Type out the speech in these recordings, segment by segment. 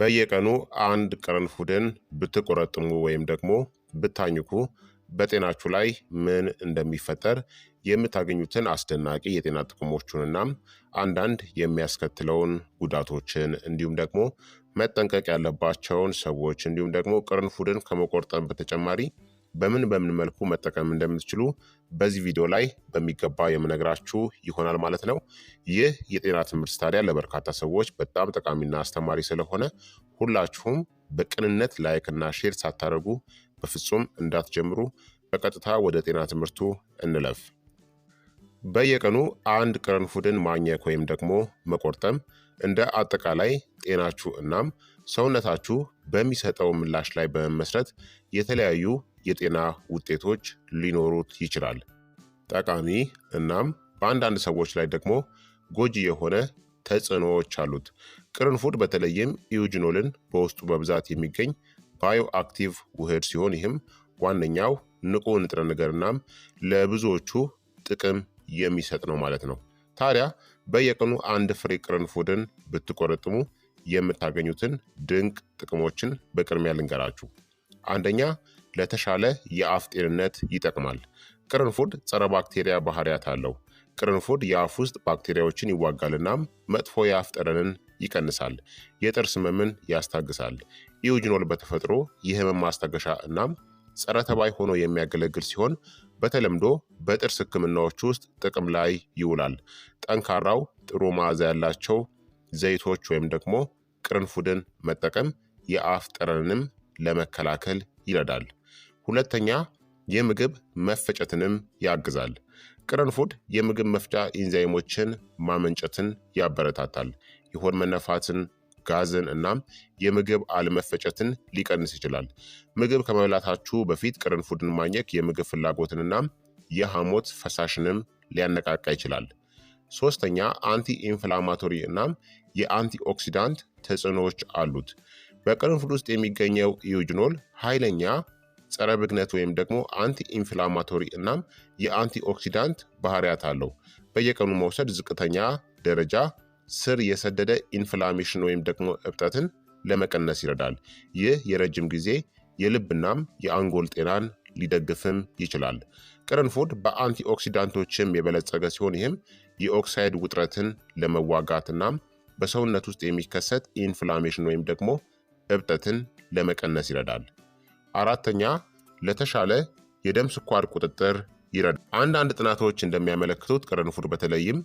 በየቀኑ አንድ ቅርንፉድን ብትቆረጥሙ ወይም ደግሞ ብታኝኩ በጤናችሁ ላይ ምን እንደሚፈጠር የምታገኙትን አስደናቂ የጤና ጥቅሞቹንና አንዳንድ የሚያስከትለውን ጉዳቶችን እንዲሁም ደግሞ መጠንቀቅ ያለባቸውን ሰዎች እንዲሁም ደግሞ ቅርንፉድን ከመቆርጠም በተጨማሪ በምን በምን መልኩ መጠቀም እንደምትችሉ በዚህ ቪዲዮ ላይ በሚገባ የምነግራችሁ ይሆናል ማለት ነው። ይህ የጤና ትምህርት ታዲያ ለበርካታ ሰዎች በጣም ጠቃሚና አስተማሪ ስለሆነ ሁላችሁም በቅንነት ላይክ ሼር ሳታደርጉ በፍጹም እንዳትጀምሩ። በቀጥታ ወደ ጤና ትምህርቱ እንለፍ። በየቀኑ አንድ ቅርንፉድን ማኘክ ወይም ደግሞ መቆርጠም እንደ አጠቃላይ ጤናችሁ እናም ሰውነታችሁ በሚሰጠው ምላሽ ላይ በመመስረት የተለያዩ የጤና ውጤቶች ሊኖሩት ይችላል። ጠቃሚ እናም በአንዳንድ ሰዎች ላይ ደግሞ ጎጂ የሆነ ተጽዕኖዎች አሉት። ቅርንፉድ በተለይም ኢዩጂኖልን በውስጡ በብዛት የሚገኝ ባዮ አክቲቭ ውህድ ሲሆን ይህም ዋነኛው ንቁ ንጥረ ነገር እናም ለብዙዎቹ ጥቅም የሚሰጥ ነው ማለት ነው። ታዲያ በየቀኑ አንድ ፍሬ ቅርንፉድን ብትቆረጥሙ የምታገኙትን ድንቅ ጥቅሞችን በቅድሚያ ልንገራችሁ። አንደኛ ለተሻለ የአፍ ጤንነት ይጠቅማል። ቅርንፉድ ጸረ ባክቴሪያ ባህሪያት አለው። ቅርንፉድ የአፍ ውስጥ ባክቴሪያዎችን ይዋጋልናም መጥፎ የአፍ ጠረንን ይቀንሳል። የጥርስ ህመምን ያስታግሳል። ኢዩጅኖል በተፈጥሮ የህመም ማስታገሻ እናም ጸረ ተባይ ሆኖ የሚያገለግል ሲሆን በተለምዶ በጥርስ ህክምናዎች ውስጥ ጥቅም ላይ ይውላል። ጠንካራው ጥሩ መዓዛ ያላቸው ዘይቶች ወይም ደግሞ ቅርንፉድን መጠቀም የአፍ ጠረንንም ለመከላከል ይረዳል። ሁለተኛ የምግብ መፈጨትንም ያግዛል። ቅርንፉድ የምግብ መፍጫ ኢንዛይሞችን ማመንጨትን ያበረታታል። የሆድ መነፋትን፣ ጋዝን እናም የምግብ አለመፈጨትን ሊቀንስ ይችላል። ምግብ ከመብላታችሁ በፊት ቅርንፉድን ማኘክ የምግብ ፍላጎትንና የሐሞት ፈሳሽንም ሊያነቃቃ ይችላል። ሶስተኛ አንቲ ኢንፍላማቶሪ እናም የአንቲ ኦክሲዳንት ተጽዕኖዎች አሉት። በቅርንፉድ ውስጥ የሚገኘው ኢዩጅኖል ኃይለኛ ጸረ ብግነት ወይም ደግሞ አንቲ ኢንፍላማቶሪ እናም የአንቲ ኦክሲዳንት ባህሪያት አለው። በየቀኑ መውሰድ ዝቅተኛ ደረጃ ስር የሰደደ ኢንፍላሜሽን ወይም ደግሞ እብጠትን ለመቀነስ ይረዳል። ይህ የረጅም ጊዜ የልብናም የአንጎል ጤናን ሊደግፍም ይችላል። ቅርንፉድ በአንቲ ኦክሲዳንቶችም የበለጸገ ሲሆን ይህም የኦክሳይድ ውጥረትን ለመዋጋትና በሰውነት ውስጥ የሚከሰት ኢንፍላሜሽን ወይም ደግሞ እብጠትን ለመቀነስ ይረዳል። አራተኛ ለተሻለ የደም ስኳር ቁጥጥር ይረዳል። አንዳንድ ጥናቶች እንደሚያመለክቱት ቅርንፉድ በተለይም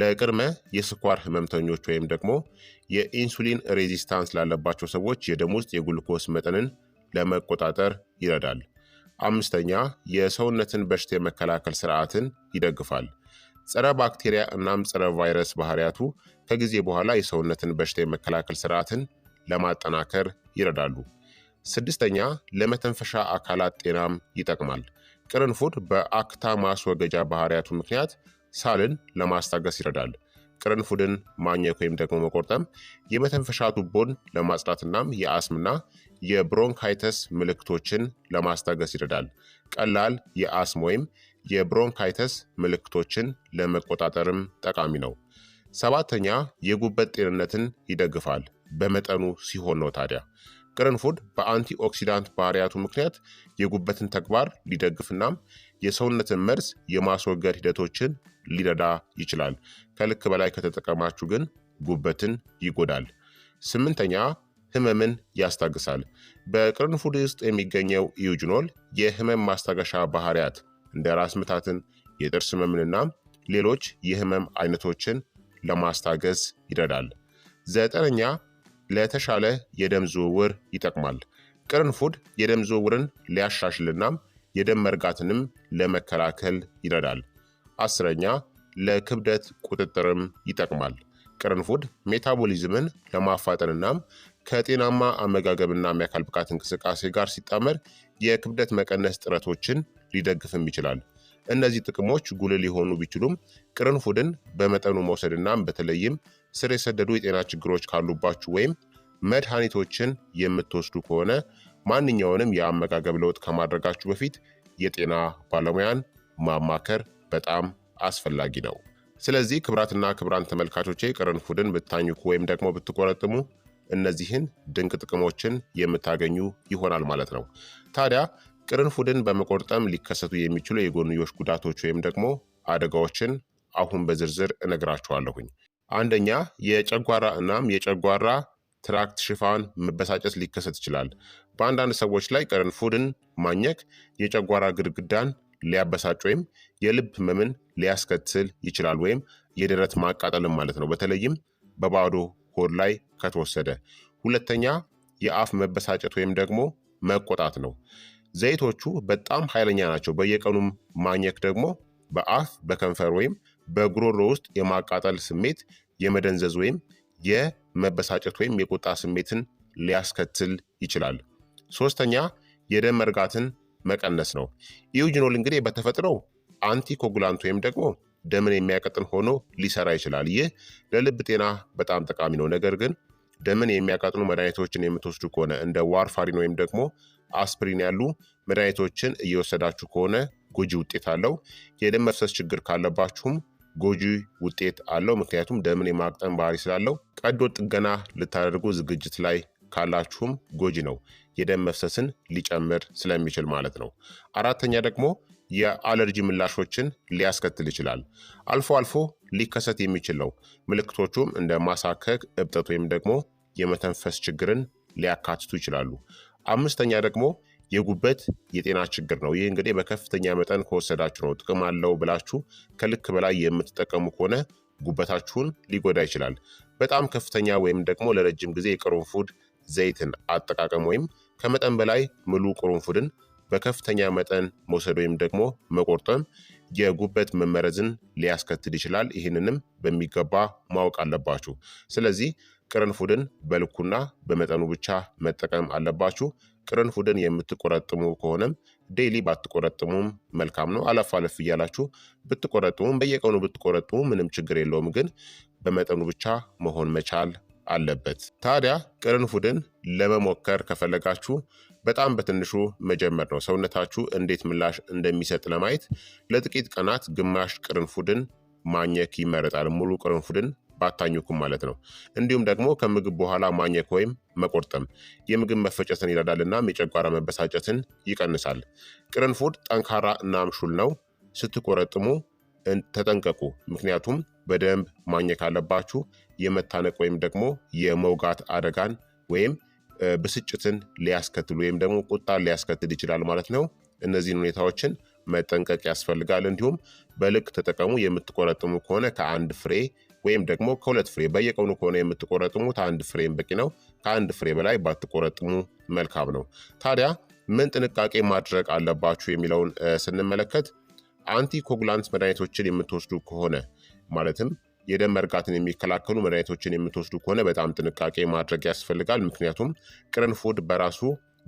ለቅድመ የስኳር ህመምተኞች ወይም ደግሞ የኢንሱሊን ሬዚስታንስ ላለባቸው ሰዎች የደም ውስጥ የጉልኮስ መጠንን ለመቆጣጠር ይረዳል። አምስተኛ የሰውነትን በሽታ የመከላከል ስርዓትን ይደግፋል። ጸረ ባክቴሪያ እናም ጸረ ቫይረስ ባህሪያቱ ከጊዜ በኋላ የሰውነትን በሽታ የመከላከል ስርዓትን ለማጠናከር ይረዳሉ። ስድስተኛ ለመተንፈሻ አካላት ጤናም ይጠቅማል። ቅርንፉድ በአክታ ማስወገጃ ባህሪያቱ ምክንያት ሳልን ለማስታገስ ይረዳል። ቅርንፉድን ማኘክ ወይም ደግሞ መቆርጠም የመተንፈሻ ቱቦን ለማጽዳትናም የአስምና የብሮንካይተስ ምልክቶችን ለማስታገስ ይረዳል። ቀላል የአስም ወይም የብሮንካይተስ ምልክቶችን ለመቆጣጠርም ጠቃሚ ነው። ሰባተኛ የጉበት ጤንነትን ይደግፋል በመጠኑ ሲሆን ነው። ታዲያ ቅርንፉድ በአንቲ ኦክሲዳንት ባህሪያቱ ምክንያት የጉበትን ተግባር ሊደግፍናም የሰውነትን መርዝ የማስወገድ ሂደቶችን ሊረዳ ይችላል። ከልክ በላይ ከተጠቀማችሁ ግን ጉበትን ይጎዳል። ስምንተኛ ህመምን ያስታግሳል። በቅርንፉድ ውስጥ የሚገኘው ኢዩጅኖል የህመም ማስታገሻ ባህሪያት እንደ ራስ ምታትን፣ የጥርስ ህመምንና ሌሎች የህመም አይነቶችን ለማስታገዝ ይረዳል። ዘጠነኛ ለተሻለ የደም ዝውውር ይጠቅማል። ቅርንፉድ የደም ዝውውርን ሊያሻሽልና የደም መርጋትንም ለመከላከል ይረዳል። አስረኛ ለክብደት ቁጥጥርም ይጠቅማል። ቅርንፉድ ሜታቦሊዝምን ለማፋጠንና ከጤናማ አመጋገብና የአካል ብቃት እንቅስቃሴ ጋር ሲጣመር የክብደት መቀነስ ጥረቶችን ሊደግፍም ይችላል። እነዚህ ጥቅሞች ጉልህ ሊሆኑ ቢችሉም ቅርንፉድን በመጠኑ መውሰድናም በተለይም ስር የሰደዱ የጤና ችግሮች ካሉባችሁ ወይም መድኃኒቶችን የምትወስዱ ከሆነ ማንኛውንም የአመጋገብ ለውጥ ከማድረጋችሁ በፊት የጤና ባለሙያን ማማከር በጣም አስፈላጊ ነው። ስለዚህ ክብራትና ክብራን ተመልካቾቼ ቅርንፉድን ብታኝኩ ወይም ደግሞ ብትቆረጥሙ እነዚህን ድንቅ ጥቅሞችን የምታገኙ ይሆናል ማለት ነው። ታዲያ ቅርንፉድን በመቆርጠም ሊከሰቱ የሚችሉ የጎንዮሽ ጉዳቶች ወይም ደግሞ አደጋዎችን አሁን በዝርዝር እነግራችኋለሁኝ። አንደኛ የጨጓራ እናም የጨጓራ ትራክት ሽፋን መበሳጨት ሊከሰት ይችላል። በአንዳንድ ሰዎች ላይ ቅርንፉድን ማኘክ የጨጓራ ግድግዳን ሊያበሳጭ ወይም የልብ ህመምን ሊያስከትል ይችላል፣ ወይም የደረት ማቃጠልም ማለት ነው፣ በተለይም በባዶ ሆድ ላይ ከተወሰደ። ሁለተኛ የአፍ መበሳጨት ወይም ደግሞ መቆጣት ነው። ዘይቶቹ በጣም ኃይለኛ ናቸው። በየቀኑም ማኘክ ደግሞ በአፍ በከንፈር ወይም በጉሮሮ ውስጥ የማቃጠል ስሜት፣ የመደንዘዝ ወይም የመበሳጨት ወይም የቁጣ ስሜትን ሊያስከትል ይችላል። ሶስተኛ የደም መርጋትን መቀነስ ነው። ኢዩጅኖል እንግዲህ በተፈጥረው አንቲኮጉላንት ወይም ደግሞ ደምን የሚያቀጥን ሆኖ ሊሰራ ይችላል። ይህ ለልብ ጤና በጣም ጠቃሚ ነው። ነገር ግን ደምን የሚያቀጥኑ መድኃኒቶችን የምትወስዱ ከሆነ እንደ ዋርፋሪን ወይም ደግሞ አስፕሪን ያሉ መድኃኒቶችን እየወሰዳችሁ ከሆነ ጎጂ ውጤት አለው። የደም መፍሰስ ችግር ካለባችሁም ጎጂ ውጤት አለው። ምክንያቱም ደምን የማቅጠን ባህሪ ስላለው። ቀዶ ጥገና ልታደርጉ ዝግጅት ላይ ካላችሁም ጎጂ ነው፣ የደም መፍሰስን ሊጨምር ስለሚችል ማለት ነው። አራተኛ ደግሞ የአለርጂ ምላሾችን ሊያስከትል ይችላል። አልፎ አልፎ ሊከሰት የሚችል ነው። ምልክቶቹም እንደ ማሳከክ፣ እብጠት ወይም ደግሞ የመተንፈስ ችግርን ሊያካትቱ ይችላሉ። አምስተኛ ደግሞ የጉበት የጤና ችግር ነው። ይህ እንግዲህ በከፍተኛ መጠን ከወሰዳችሁ ነው። ጥቅም አለው ብላችሁ ከልክ በላይ የምትጠቀሙ ከሆነ ጉበታችሁን ሊጎዳ ይችላል። በጣም ከፍተኛ ወይም ደግሞ ለረጅም ጊዜ የቅርንፉድ ዘይትን አጠቃቀም ወይም ከመጠን በላይ ሙሉ ቅርንፉድን በከፍተኛ መጠን መውሰድ ወይም ደግሞ መቆርጠም የጉበት መመረዝን ሊያስከትል ይችላል። ይህንንም በሚገባ ማወቅ አለባችሁ። ስለዚህ ቅርንፉድን በልኩና በመጠኑ ብቻ መጠቀም አለባችሁ። ቅርንፉድን የምትቆረጥሙ ከሆነም ዴይሊ ባትቆረጥሙም መልካም ነው። አለፍ አለፍ እያላችሁ ብትቆረጥሙም በየቀኑ ብትቆረጥሙ ምንም ችግር የለውም፣ ግን በመጠኑ ብቻ መሆን መቻል አለበት። ታዲያ ቅርንፉድን ለመሞከር ከፈለጋችሁ በጣም በትንሹ መጀመር ነው። ሰውነታችሁ እንዴት ምላሽ እንደሚሰጥ ለማየት ለጥቂት ቀናት ግማሽ ቅርንፉድን ማኘክ ይመረጣል። ሙሉ ቅርንፉድን ባታኙኩም ማለት ነው። እንዲሁም ደግሞ ከምግብ በኋላ ማኘክ ወይም መቆርጠም የምግብ መፈጨትን ይረዳልና የጨጓራ መበሳጨትን ይቀንሳል። ቅርንፉድ ጠንካራ እና ምሹል ነው። ስትቆረጥሙ ተጠንቀቁ፣ ምክንያቱም በደንብ ማኘክ አለባችሁ። የመታነቅ ወይም ደግሞ የመውጋት አደጋን ወይም ብስጭትን ሊያስከትል ወይም ደግሞ ቁጣን ሊያስከትል ይችላል ማለት ነው። እነዚህን ሁኔታዎችን መጠንቀቅ ያስፈልጋል። እንዲሁም በልክ ተጠቀሙ። የምትቆረጥሙ ከሆነ ከአንድ ፍሬ ወይም ደግሞ ከሁለት ፍሬ በየቀኑ ከሆነ የምትቆረጥሙት አንድ ፍሬም በቂ ነው። ከአንድ ፍሬ በላይ ባትቆረጥሙ መልካም ነው። ታዲያ ምን ጥንቃቄ ማድረግ አለባችሁ የሚለውን ስንመለከት አንቲኮጉላንት መድኃኒቶችን የምትወስዱ ከሆነ ማለትም የደም መርጋትን የሚከላከሉ መድኃኒቶችን የምትወስዱ ከሆነ በጣም ጥንቃቄ ማድረግ ያስፈልጋል። ምክንያቱም ቅርንፉድ በራሱ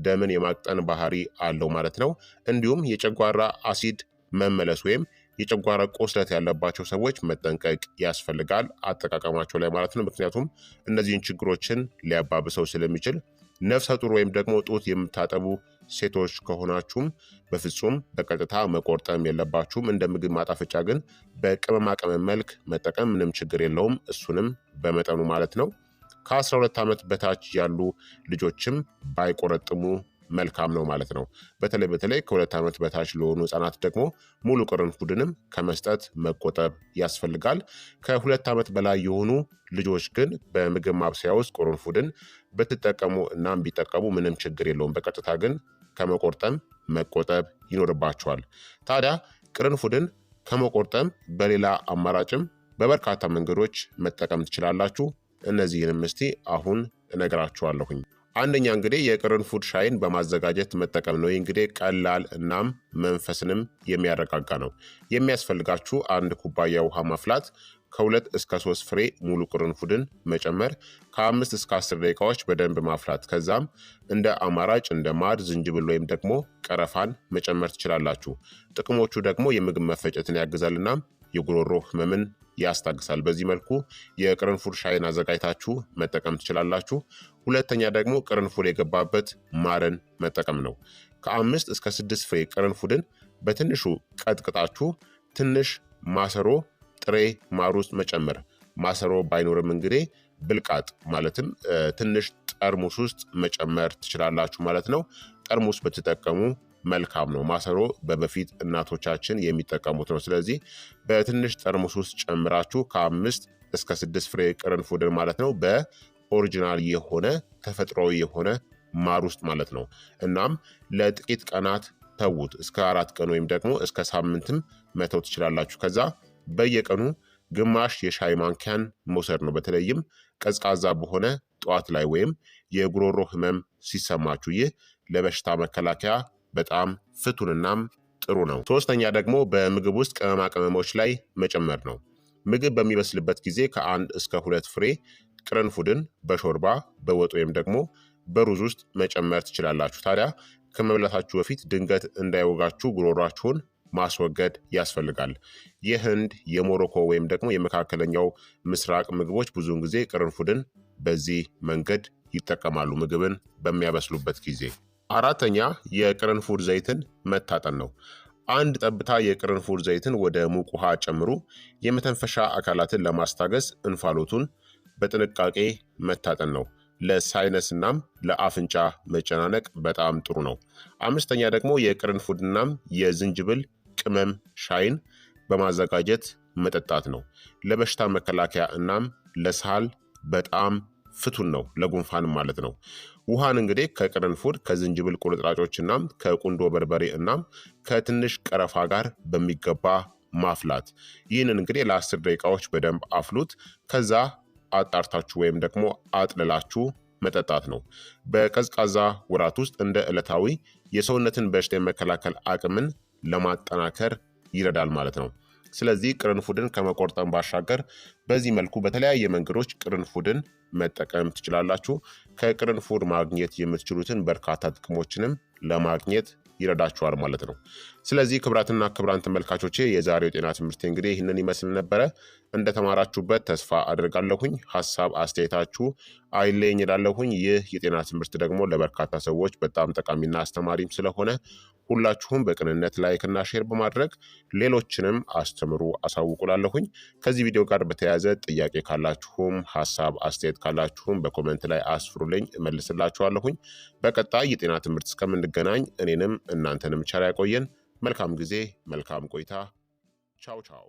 ደምን የማቅጠን ባህሪ አለው ማለት ነው። እንዲሁም የጨጓራ አሲድ መመለስ ወይም የጨጓራ ቁስለት ያለባቸው ሰዎች መጠንቀቅ ያስፈልጋል፣ አጠቃቀማቸው ላይ ማለት ነው። ምክንያቱም እነዚህን ችግሮችን ሊያባብሰው ስለሚችል ነፍሰ ጡር ወይም ደግሞ ጡት የምታጠቡ ሴቶች ከሆናችሁም በፍጹም በቀጥታ መቆርጠም የለባችሁም። እንደ ምግብ ማጣፈጫ ግን በቅመማ ቅመም መልክ መጠቀም ምንም ችግር የለውም፣ እሱንም በመጠኑ ማለት ነው። ከ12 ዓመት በታች ያሉ ልጆችም ባይቆረጥሙ መልካም ነው ማለት ነው። በተለይ በተለይ ከሁለት ዓመት በታች ለሆኑ ህጻናት ደግሞ ሙሉ ቅርንፉድንም ከመስጠት መቆጠብ ያስፈልጋል። ከሁለት ዓመት በላይ የሆኑ ልጆች ግን በምግብ ማብሰያ ውስጥ ቅርንፉድን ብትጠቀሙ እናም ቢጠቀሙ ምንም ችግር የለውም። በቀጥታ ግን ከመቆርጠም መቆጠብ ይኖርባቸዋል። ታዲያ ቅርንፉድን ከመቆርጠም በሌላ አማራጭም በበርካታ መንገዶች መጠቀም ትችላላችሁ። እነዚህንም እስቲ አሁን እነግራችኋለሁኝ። አንደኛ እንግዲህ የቅርንፉድ ሻይን በማዘጋጀት መጠቀም ነው። ይህ እንግዲህ ቀላል እናም መንፈስንም የሚያረጋጋ ነው። የሚያስፈልጋችሁ አንድ ኩባያ ውሃ ማፍላት፣ ከሁለት እስከ ሶስት ፍሬ ሙሉ ቅርንፉድን መጨመር፣ ከአምስት እስከ አስር ደቂቃዎች በደንብ ማፍላት። ከዛም እንደ አማራጭ እንደ ማድ፣ ዝንጅብል ወይም ደግሞ ቀረፋን መጨመር ትችላላችሁ። ጥቅሞቹ ደግሞ የምግብ መፈጨትን ያግዛልና የጉሮሮ ህመምን ያስታግሳል። በዚህ መልኩ የቅርንፉድ ሻይን አዘጋጅታችሁ መጠቀም ትችላላችሁ። ሁለተኛ ደግሞ ቅርንፉድ የገባበት ማርን መጠቀም ነው። ከአምስት እስከ ስድስት ፍሬ ቅርንፉድን በትንሹ ቀጥቅጣችሁ ትንሽ ማሰሮ ጥሬ ማር ውስጥ መጨመር ማሰሮ ባይኖርም እንግዲህ ብልቃጥ ማለትም ትንሽ ጠርሙስ ውስጥ መጨመር ትችላላችሁ ማለት ነው። ጠርሙስ ብትጠቀሙ መልካም ነው። ማሰሮ በበፊት እናቶቻችን የሚጠቀሙት ነው። ስለዚህ በትንሽ ጠርሙስ ውስጥ ጨምራችሁ ከአምስት እስከ ስድስት ፍሬ ቅርንፉድን ማለት ነው በኦሪጂናል የሆነ ተፈጥሯዊ የሆነ ማር ውስጥ ማለት ነው። እናም ለጥቂት ቀናት ተዉት። እስከ አራት ቀን ወይም ደግሞ እስከ ሳምንትም መተው ትችላላችሁ። ከዛ በየቀኑ ግማሽ የሻይ ማንኪያን መውሰድ ነው። በተለይም ቀዝቃዛ በሆነ ጠዋት ላይ ወይም የጉሮሮ ህመም ሲሰማችሁ ይህ ለበሽታ መከላከያ በጣም ፍቱንናም ጥሩ ነው። ሶስተኛ ደግሞ በምግብ ውስጥ ቅመማ ቅመሞች ላይ መጨመር ነው። ምግብ በሚበስልበት ጊዜ ከአንድ እስከ ሁለት ፍሬ ቅርንፉድን በሾርባ በወጥ ወይም ደግሞ በሩዝ ውስጥ መጨመር ትችላላችሁ። ታዲያ ከመብላታችሁ በፊት ድንገት እንዳይወጋችሁ ጉሮሯችሁን ማስወገድ ያስፈልጋል። የህንድ የሞሮኮ ወይም ደግሞ የመካከለኛው ምስራቅ ምግቦች ብዙውን ጊዜ ቅርንፉድን በዚህ መንገድ ይጠቀማሉ ምግብን በሚያበስሉበት ጊዜ አራተኛ የቅርንፉድ ዘይትን መታጠን ነው። አንድ ጠብታ የቅርንፉድ ዘይትን ወደ ሙቅ ውሃ ጨምሩ። የመተንፈሻ አካላትን ለማስታገስ እንፋሎቱን በጥንቃቄ መታጠን ነው። ለሳይነስ እናም ለአፍንጫ መጨናነቅ በጣም ጥሩ ነው። አምስተኛ ደግሞ የቅርንፉድ እናም የዝንጅብል ቅመም ሻይን በማዘጋጀት መጠጣት ነው። ለበሽታ መከላከያ እናም ለሳል በጣም ፍቱን ነው ለጉንፋን ማለት ነው። ውሃን እንግዲህ ከቅርንፉድ ከዝንጅብል ቁርጥራጮች እናም ከቁንዶ በርበሬ እናም ከትንሽ ቀረፋ ጋር በሚገባ ማፍላት። ይህንን እንግዲህ ለአስር ደቂቃዎች በደንብ አፍሉት። ከዛ አጣርታችሁ ወይም ደግሞ አጥልላችሁ መጠጣት ነው። በቀዝቃዛ ውራት ውስጥ እንደ ዕለታዊ የሰውነትን በሽታ የመከላከል አቅምን ለማጠናከር ይረዳል ማለት ነው። ስለዚህ ቅርንፉድን ከመቆርጠም ባሻገር በዚህ መልኩ በተለያየ መንገዶች ቅርንፉድን መጠቀም ትችላላችሁ። ከቅርንፉድ ማግኘት የምትችሉትን በርካታ ጥቅሞችንም ለማግኘት ይረዳችኋል ማለት ነው። ስለዚህ ክብራትና ክብራን ተመልካቾቼ የዛሬው ጤና ትምህርት እንግዲህ ይህንን ይመስል ነበረ። እንደተማራችሁበት ተስፋ አድርጋለሁኝ። ሀሳብ አስተያየታችሁ አይለኝ ይላለሁኝ። ይህ የጤና ትምህርት ደግሞ ለበርካታ ሰዎች በጣም ጠቃሚና አስተማሪም ስለሆነ ሁላችሁም በቅንነት ላይክና ሼር በማድረግ ሌሎችንም አስተምሩ አሳውቁላለሁኝ። ከዚህ ቪዲዮ ጋር በተያያዘ ጥያቄ ካላችሁም ሀሳብ አስተያየት ካላችሁም በኮመንት ላይ አስፍሩልኝ፣ እመልስላችኋለሁኝ። በቀጣይ የጤና ትምህርት እስከምንገናኝ እኔንም እናንተንም ቸር ያቆየን። መልካም ጊዜ፣ መልካም ቆይታ። ቻው ቻው።